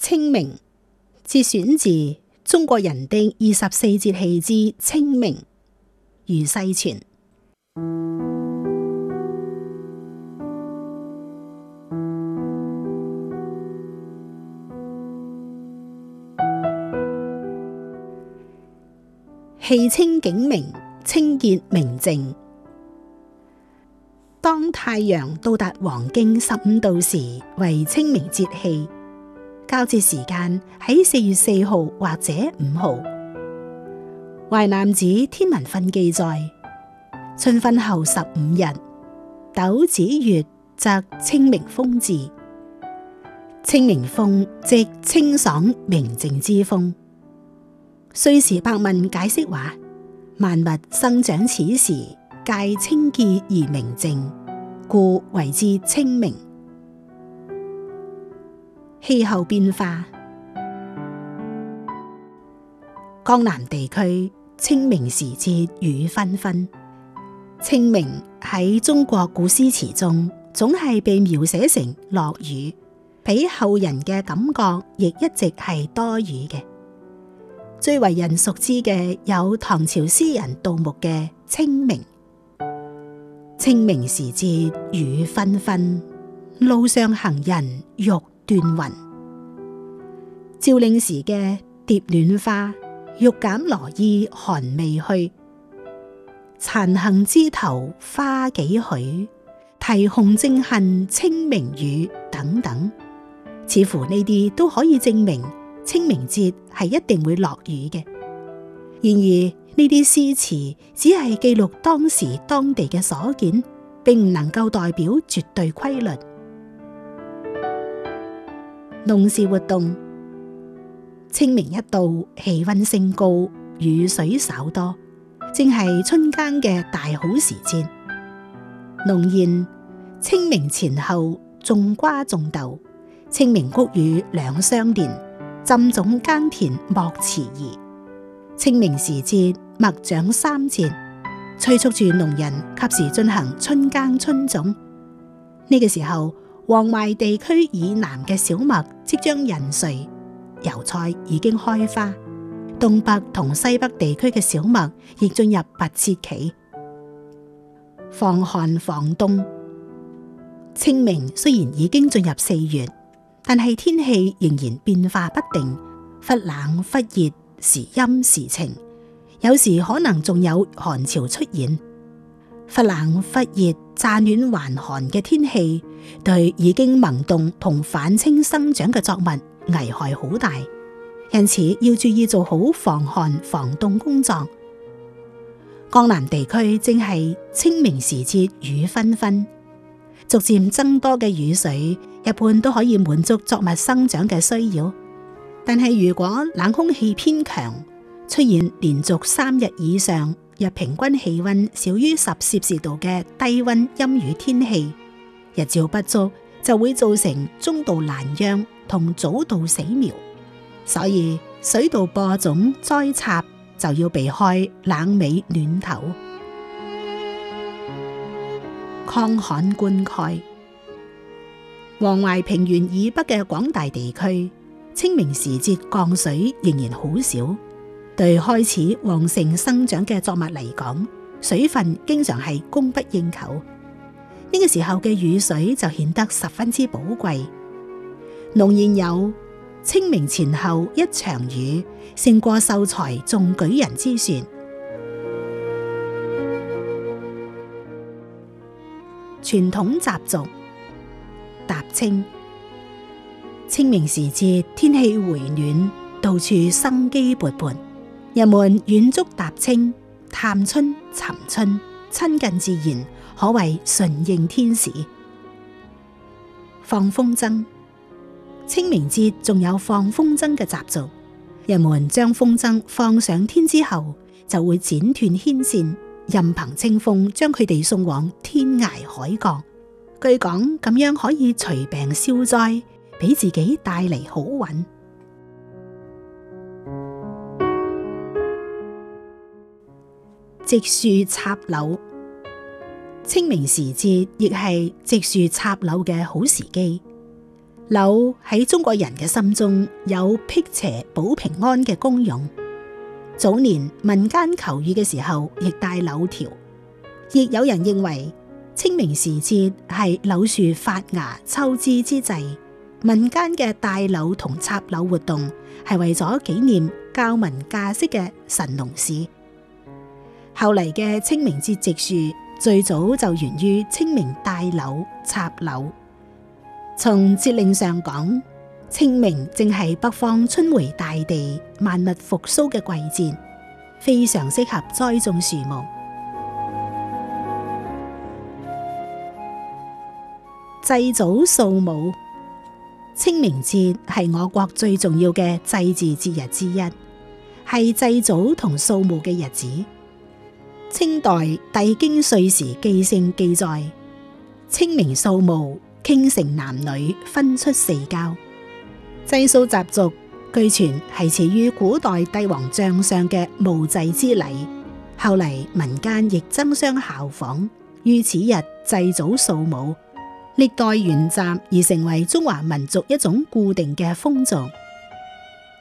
清明節選自中國人定二十四節氣之清明，余世存。氣清景明，清潔明淨。當太陽到達黃經十五度時，為清明節氣。交接時間喺四月四號或者五號。淮南子天文訓記載，春分後十五日，斗子月，則清明風至。清明風即清爽明淨之風。歲時百問解釋話，萬物生長此時，皆清潔而明淨，故為之清明。氣候變化，江南地區清明時節雨紛紛。清明喺中國古詩詞中，總係被描寫成落雨，俾後人嘅感覺亦一直係多雨嘅。最為人熟知嘅有唐朝詩人杜牧嘅《清明》：清明時節雨紛紛，路上行人欲斷云，趙令畤嘅蝶戀花，欲減羅衣寒未去，殘行枝頭花幾許，啼紅正恨清明雨等等，似乎呢啲都可以證明清明節係一定會落雨嘅。然而呢啲詩詞只係記錄當時當地嘅所見，並唔能夠代表絕對規律。農事活動，清明一到，氣温升高，雨水稍多，正係春耕嘅大好時節。農諺：清明前後，種瓜種豆；清明谷雨，兩相連。浸種耕田莫遲疑。清明時節麥長三節，催促住農人及時進行春耕春種。呢、這個時候。黃淮地區以南嘅小麥即將孕穗，油菜已經開花。東北同西北地區嘅小麥亦進入拔節期。防寒防凍。清明雖然已經進入四月，但係天氣仍然變化不定，忽冷忽熱，時陰時晴，有時可能仲有寒潮出現。忽冷忽熱、乍暖還寒嘅天氣。對已經萌動同返青生長嘅作物危害好大，因此要注意做好防寒防凍工作。江南地區正係清明時節雨紛紛，逐漸增多嘅雨水，一般都可以滿足作物生長嘅需要。但係如果冷空氣偏強，出現連續三日以上日平均氣溫少於十攝氏度嘅低溫陰雨天氣。日照不足就會造成中度難秧同早稻死苗，所以水稻播種栽插就要避開冷尾暖頭，抗旱灌溉。黃淮平原以北嘅廣大地區，清明時節降水仍然好少，對開始旺盛生長嘅作物嚟講，水分經常係供不應求。呢個時候嘅雨水就顯得十分之寶貴。農諺有：清明前後一場雨，勝過秀才中舉人之說。傳統習俗踏青。清明時節天氣回暖，到處生機勃勃，人們遠足踏青，探春尋春，親近自然。可謂順應天時。放風箏，清明節仲有放風箏嘅習俗。人們將風箏放上天之後，就會剪斷牽線，任憑清風將佢哋送往天涯海角。據講，咁樣可以除病消災，俾自己帶嚟好運。植樹插柳。清明時節亦係植樹插柳嘅好時機。柳喺中國人嘅心中有辟邪保平安嘅功用。早年民間求雨嘅時候亦帶柳條。亦有人認為清明時節係柳樹發芽抽枝之際。民間嘅戴柳同插柳活動係為咗紀念教民稼穡嘅神農氏。後嚟嘅清明節植樹。最早就源於清明戴柳插柳。從節令上講，清明正係北方春回大地、萬物復甦嘅季節，非常適合栽種樹木。祭祖掃墓，清明節係我國最重要嘅祭祀節日之一，係祭祖同掃墓嘅日子。清代《帝京歲時記勝》記載，清明掃墓，傾城男女分出四郊。祭掃習俗據傳係始於古代帝王將相嘅墓祭之禮，後嚟民間亦爭相效仿，於此日祭祖掃墓，歷代沿襲而成為中華民族一種固定嘅風俗。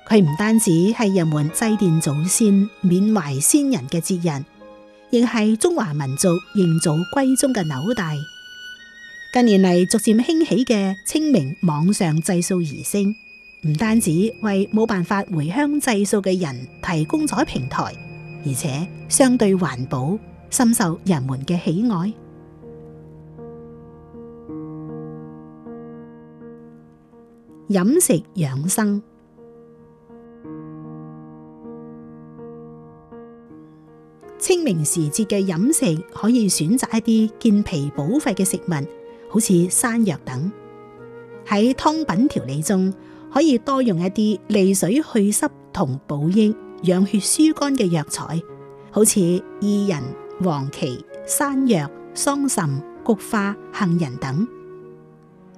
佢唔單止係人們祭奠祖先、緬懷先人嘅節日。亦係中華民族認祖歸宗嘅紐帶。近年嚟逐漸興起嘅清明網上祭掃儀式，唔單止為冇辦法回鄉祭掃嘅人提供咗平台，而且相對環保，深受人們嘅喜愛。飲食養生。平時節嘅飲食可以選擇一啲健脾補肺嘅食物，好似山藥等。喺湯品調理中，可以多用一啲利水去濕同補益、養血舒肝嘅藥材，好似薏仁、黃芪、山藥、桑葚、菊花、杏仁等。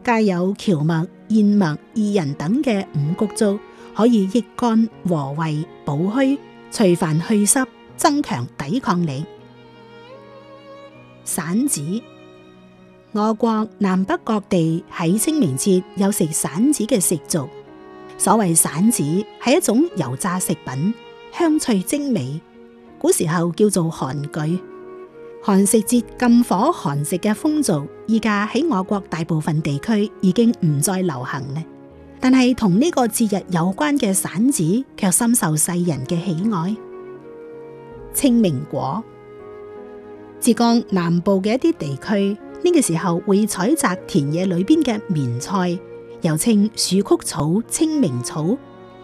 加有蕎麥、燕麥、薏仁等嘅五穀粥，可以益肝和胃、補虛除煩、去濕。增強抵抗力。饊子，我國南北各地喺清明節有食饊子嘅食俗。所謂饊子係一種油炸食品，香脆精美。古時候叫做寒具。寒食節禁火寒食嘅風俗，而家喺我國大部分地區已經唔再流行咧。但係同呢個節日有關嘅饊子，卻深受世人嘅喜愛。清明果，浙江南部嘅一啲地區呢個時候會採摘田野裏邊嘅棉菜，又稱鼠曲草、清明草，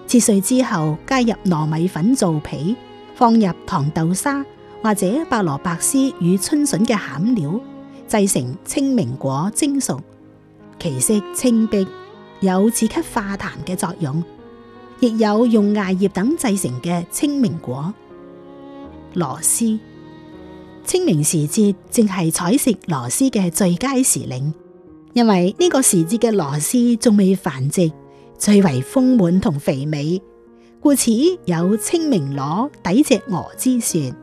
切碎之後加入糯米粉做皮，放入糖豆沙或者白蘿蔔絲與春笋嘅餡料，製成清明果蒸熟，其色清碧，有止咳化痰嘅作用，亦有用艾葉等製成嘅清明果。螺螄，清明時節正係採食螺螄嘅最佳時令，因為呢個時節嘅螺螄仲未繁殖，最為豐滿同肥美，故此有清明螺抵隻鵝之說。